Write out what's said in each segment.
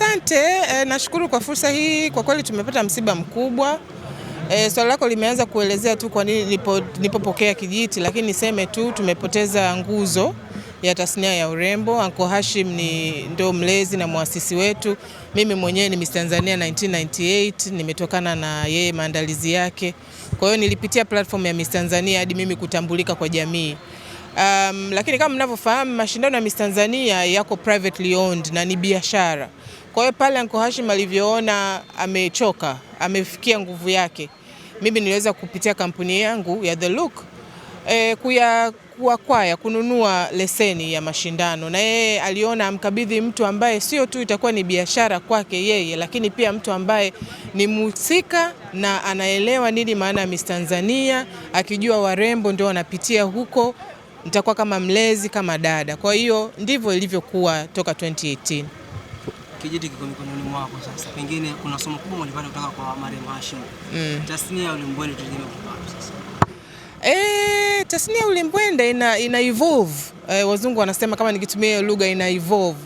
Asante e, nashukuru kwa fursa hii. Kwa kweli tumepata msiba mkubwa e, swali lako limeanza kuelezea tu kwa nini nipo, nipopokea kijiti, lakini niseme tu tumepoteza nguzo ya tasnia ya urembo. Anko Hashim ni ndo mlezi na mwasisi wetu. Mimi mwenyewe ni Miss Tanzania 1998 nimetokana na yeye, maandalizi yake. Kwa hiyo nilipitia platform ya Miss Tanzania hadi mimi kutambulika kwa jamii. Um, lakini kama mnavyofahamu mashindano ya Miss Tanzania yako privately owned na ni biashara. Kwa hiyo pale Anko Hashim alivyoona amechoka, amefikia nguvu yake, mimi niliweza kupitia kampuni yangu ya The Look e, kuya kuakwaya kununua leseni ya mashindano, na yeye aliona amkabidhi mtu ambaye sio tu itakuwa ni biashara kwake yeye, lakini pia mtu ambaye ni mhusika na anaelewa nini maana ya Miss Tanzania, akijua warembo ndio wanapitia huko nitakuwa kama mlezi kama dada. Kwa hiyo ndivyo ilivyokuwa toka 2018. Kijiti kiko mikononi mwako sasa, pengine kuna somo kubwa mlipata kutoka kwa Mariam Hashim. Mm. Tasnia ya ulimbwende tutegemea kwa sasa. Eh, tasnia ya ulimbwende ina, ina evolve. E, wazungu wanasema kama nikitumia lugha ina evolve.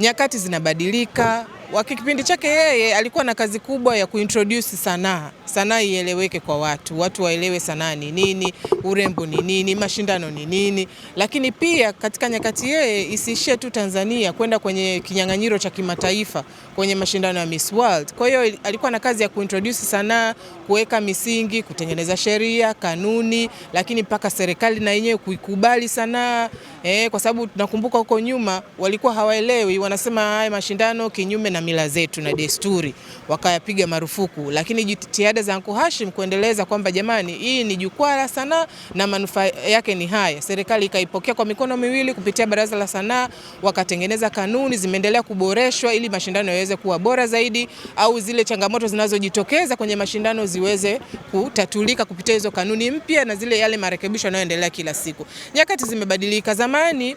Nyakati zinabadilika kipindi chake yeye alikuwa na kazi kubwa ya kuintroduce sanaa, sanaa ieleweke kwa watu, watu waelewe sanaa ni nini, urembo ni nini, mashindano ni nini. Lakini pia katika nyakati yeye isiishie tu Tanzania, kwenda kwenye kinyang'anyiro cha kimataifa, kwenye mashindano ya Miss World. Kwa hiyo alikuwa na kazi ya kuintroduce sanaa, kuweka misingi, kutengeneza sheria, kanuni, lakini mpaka serikali na yenyewe kuikubali sanaa eh, kwa sababu tunakumbuka huko nyuma walikuwa hawaelewi, wanasema haya mashindano kinyume na mila zetu na desturi, wakayapiga marufuku. Lakini jitihada za Anko Hashim kuendeleza kwamba jamani, hii ni jukwaa la sanaa na manufaa yake ni haya, serikali ikaipokea kwa mikono miwili kupitia Baraza la Sanaa, wakatengeneza kanuni, zimeendelea kuboreshwa ili mashindano yaweze kuwa bora zaidi, au zile changamoto zinazojitokeza kwenye mashindano ziweze kutatulika kupitia hizo kanuni mpya na zile yale marekebisho yanayoendelea kila siku. Nyakati zimebadilika, zamani zamani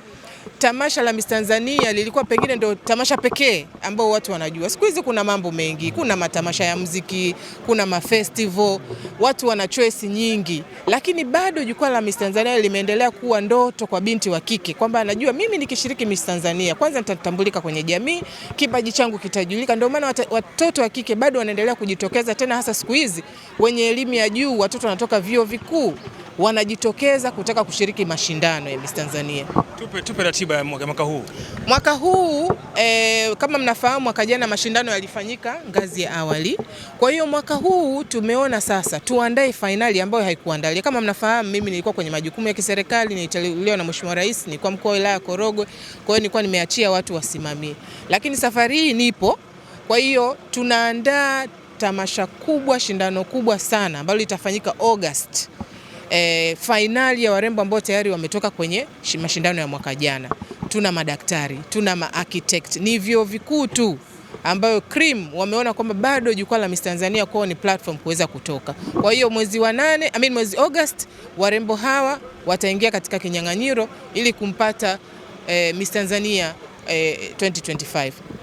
tamasha la Miss Tanzania lilikuwa pengine ndo tamasha pekee ambao watu wanajua. Siku hizi kuna mambo mengi, kuna matamasha ya muziki, kuna mafestival, watu wana choice nyingi, lakini bado jukwaa la Miss Tanzania limeendelea kuwa ndoto kwa binti wa kike, kwamba anajua mimi nikishiriki Miss Tanzania kwanza nitatambulika kwenye jamii, kipaji changu kitajulika. Ndio maana watoto wa kike bado wanaendelea kujitokeza, tena hasa siku hizi wenye elimu ya juu, watoto wanatoka vyuo vikuu wanajitokeza kutaka kushiriki mashindano ya Miss Tanzania. Tupe, tupe ratiba ya mwaka huu. Mwaka huu e, kama mnafahamu mwaka jana mashindano yalifanyika ngazi ya awali. Kwa hiyo mwaka huu tumeona sasa tuandae fainali ambayo haikuandalia. Kama mnafahamu, mimi nilikuwa kwenye majukumu ya kiserikali, niliteuliwa na Mheshimiwa Rais, kwa mkoa wa wilaya ya Korogwe. Kwa hiyo nilikuwa nimeachia watu wasimamie, lakini safari hii nipo. Kwa hiyo tunaandaa tamasha kubwa, shindano kubwa sana ambalo litafanyika August e, fainali ya warembo ambao tayari wametoka kwenye mashindano ya mwaka jana. Tuna madaktari, tuna maarchitect, ni vyuo vikuu tu ambayo cream wameona kwamba bado jukwaa la Miss Tanzania kwao ni platform kuweza kutoka. Kwa hiyo mwezi wa nane, I mean mwezi August, warembo hawa wataingia katika kinyang'anyiro ili kumpata eh, Miss Tanzania eh, 2025.